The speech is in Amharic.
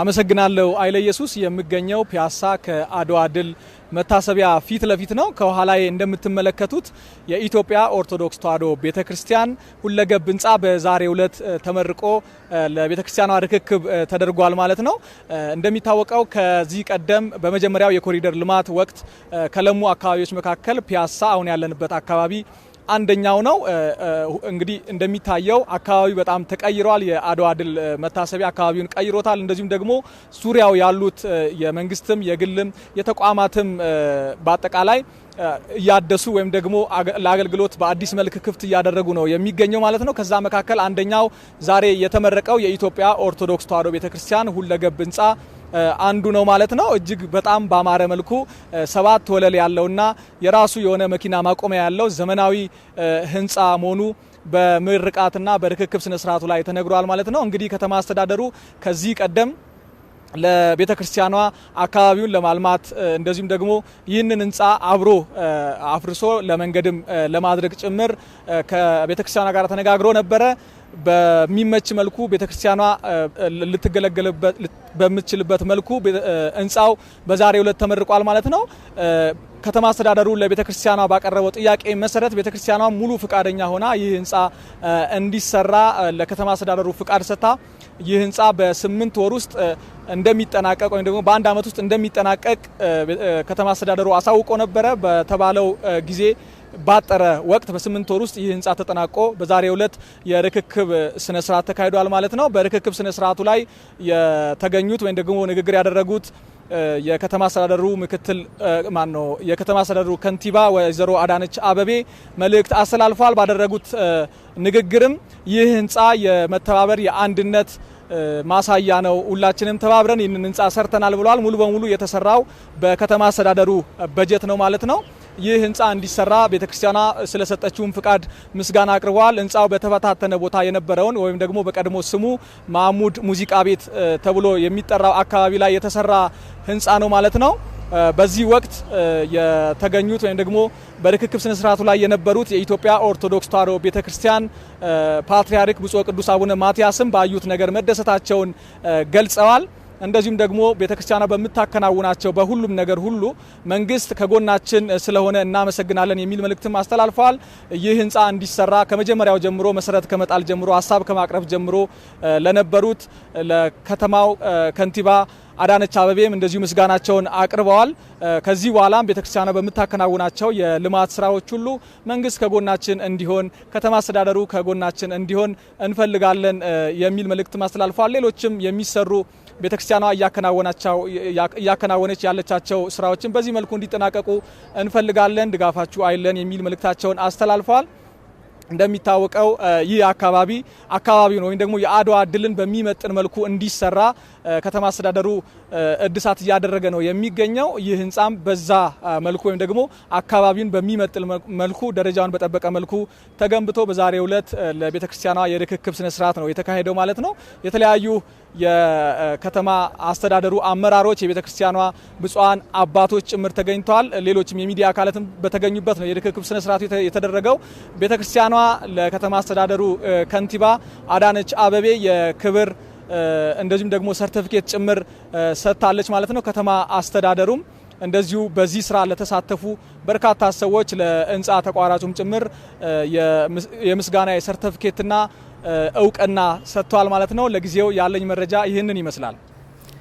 አመሰግናለሁ አይለ ኢየሱስ። የምገኘው ፒያሳ ከአድዋ ድል መታሰቢያ ፊት ለፊት ነው። ከኋላ እንደምትመለከቱት የኢትዮጵያ ኦርቶዶክስ ተዋሕዶ ቤተ ክርስቲያን ሁለገብ ህንፃ በዛሬው ዕለት ተመርቆ ለቤተ ክርስቲያኗ ርክክብ ተደርጓል ማለት ነው። እንደሚታወቀው ከዚህ ቀደም በመጀመሪያው የኮሪደር ልማት ወቅት ከለሙ አካባቢዎች መካከል ፒያሳ አሁን ያለንበት አካባቢ አንደኛው ነው። እንግዲህ እንደሚታየው አካባቢው በጣም ተቀይሯል። የአድዋ ድል መታሰቢያ አካባቢውን ቀይሮታል። እንደዚሁም ደግሞ ዙሪያው ያሉት የመንግስትም የግልም የተቋማትም በአጠቃላይ እያደሱ ወይም ደግሞ ለአገልግሎት በአዲስ መልክ ክፍት እያደረጉ ነው የሚገኘው ማለት ነው። ከዛ መካከል አንደኛው ዛሬ የተመረቀው የኢትዮጵያ ኦርቶዶክስ ተዋሕዶ ቤተክርስቲያን ሁለገብ ህንጻ አንዱ ነው ማለት ነው። እጅግ በጣም ባማረ መልኩ ሰባት ወለል ያለውና የራሱ የሆነ መኪና ማቆሚያ ያለው ዘመናዊ ህንፃ መሆኑ በምርቃትና በርክክብ ስነስርዓቱ ላይ ተነግሯል ማለት ነው። እንግዲህ ከተማ አስተዳደሩ ከዚህ ቀደም ለቤተ ክርስቲያኗ አካባቢውን ለማልማት እንደዚሁም ደግሞ ይህንን ህንፃ አብሮ አፍርሶ ለመንገድም ለማድረግ ጭምር ከቤተ ክርስቲያኗ ጋር ተነጋግሮ ነበረ። በሚመች መልኩ ቤተ ክርስቲያኗ ልትገለገልበት በምትችልበት መልኩ ህንፃው በዛሬው ዕለት ተመርቋል ማለት ነው። ከተማ አስተዳደሩ ለቤተ ክርስቲያኗ ባቀረበው ጥያቄ መሰረት ቤተ ክርስቲያኗ ሙሉ ፍቃደኛ ሆና ይህ ህንፃ እንዲሰራ ለከተማ አስተዳደሩ ፍቃድ ሰጥታ ይህ ህንፃ በስምንት ወር ውስጥ እንደሚጠናቀቅ ወይም ደግሞ በአንድ አመት ውስጥ እንደሚጠናቀቅ ከተማ አስተዳደሩ አሳውቆ ነበረ። በተባለው ጊዜ ባጠረ ወቅት በስምንት ወር ውስጥ ይህ ህንፃ ተጠናቆ በዛሬው ዕለት የርክክብ ስነ ስርዓት ተካሂዷል ማለት ነው። በርክክብ ስነ ስርዓቱ ላይ የተገኙት ወይም ደግሞ ንግግር ያደረጉት የከተማ አስተዳደሩ ምክትል ማን ነው የከተማ አስተዳደሩ ከንቲባ ወይዘሮ አዳነች አበቤ መልእክት አስተላልፏል። ባደረጉት ንግግርም ይህ ህንፃ የመተባበር የአንድነት ማሳያ ነው። ሁላችንም ተባብረን ይህንን ህንፃ ሰርተናል ብለዋል። ሙሉ በሙሉ የተሰራው በከተማ አስተዳደሩ በጀት ነው ማለት ነው። ይህ ህንፃ እንዲሰራ ቤተክርስቲያኗ ስለሰጠችውም ፍቃድ ምስጋና አቅርበዋል። ህንፃው በተፈታተነ ቦታ የነበረውን ወይም ደግሞ በቀድሞ ስሙ ማሙድ ሙዚቃ ቤት ተብሎ የሚጠራው አካባቢ ላይ የተሰራ ህንፃ ነው ማለት ነው። በዚህ ወቅት የተገኙት ወይም ደግሞ በርክክብ ስነ ስርዓቱ ላይ የነበሩት የኢትዮጵያ ኦርቶዶክስ ተዋሕዶ ቤተክርስቲያን ፓትርያርክ ብፁዕ ቅዱስ አቡነ ማትያስም ባዩት ነገር መደሰታቸውን ገልጸዋል። እንደዚሁም ደግሞ ቤተክርስቲያኗ በምታከናውናቸው በሁሉም ነገር ሁሉ መንግስት ከጎናችን ስለሆነ እናመሰግናለን የሚል መልእክትም አስተላልፈዋል። ይህ ህንፃ እንዲሰራ ከመጀመሪያው ጀምሮ መሰረት ከመጣል ጀምሮ ሀሳብ ከማቅረብ ጀምሮ ለነበሩት ለከተማው ከንቲባ አዳነች አበቤም እንደዚሁ ምስጋናቸውን አቅርበዋል። ከዚህ በኋላም ቤተክርስቲያኗ በምታከናውናቸው የልማት ስራዎች ሁሉ መንግስት ከጎናችን እንዲሆን፣ ከተማ አስተዳደሩ ከጎናችን እንዲሆን እንፈልጋለን የሚል መልእክት አስተላልፈዋል። ሌሎችም የሚሰሩ ቤተክርስቲያኗ እያከናወነች ያለቻቸው ስራዎችን በዚህ መልኩ እንዲጠናቀቁ እንፈልጋለን። ድጋፋችሁ አይለን የሚል መልእክታቸውን አስተላልፈዋል። እንደሚታወቀው ይህ አካባቢ አካባቢ ነው ወይም ደግሞ የአድዋ ድልን በሚመጥን መልኩ እንዲሰራ ከተማ አስተዳደሩ እድሳት እያደረገ ነው የሚገኘው። ይህ ህንፃም በዛ መልኩ ወይም ደግሞ አካባቢውን በሚመጥል መልኩ ደረጃውን በጠበቀ መልኩ ተገንብቶ በዛሬው ዕለት ለቤተ ክርስቲያኗ የርክክብ ስነስርዓት ነው የተካሄደው ማለት ነው። የተለያዩ የከተማ አስተዳደሩ አመራሮች፣ የቤተ ክርስቲያኗ ብፁዓን አባቶች ጭምር ተገኝተዋል። ሌሎችም የሚዲያ አካላትም በተገኙበት ነው የርክክብ ስነስርዓቱ የተደረገው። ቤተ ክርስቲያኗ ለከተማ አስተዳደሩ ከንቲባ አዳነች አበቤ የክብር እንደዚሁም ደግሞ ሰርተፊኬት ጭምር ሰጥታለች ማለት ነው። ከተማ አስተዳደሩም እንደዚሁ በዚህ ስራ ለተሳተፉ በርካታ ሰዎች ለህንፃ ተቋራጩም ጭምር የምስጋና የሰርተፊኬትና እውቅና ሰጥቷል ማለት ነው። ለጊዜው ያለኝ መረጃ ይህንን ይመስላል።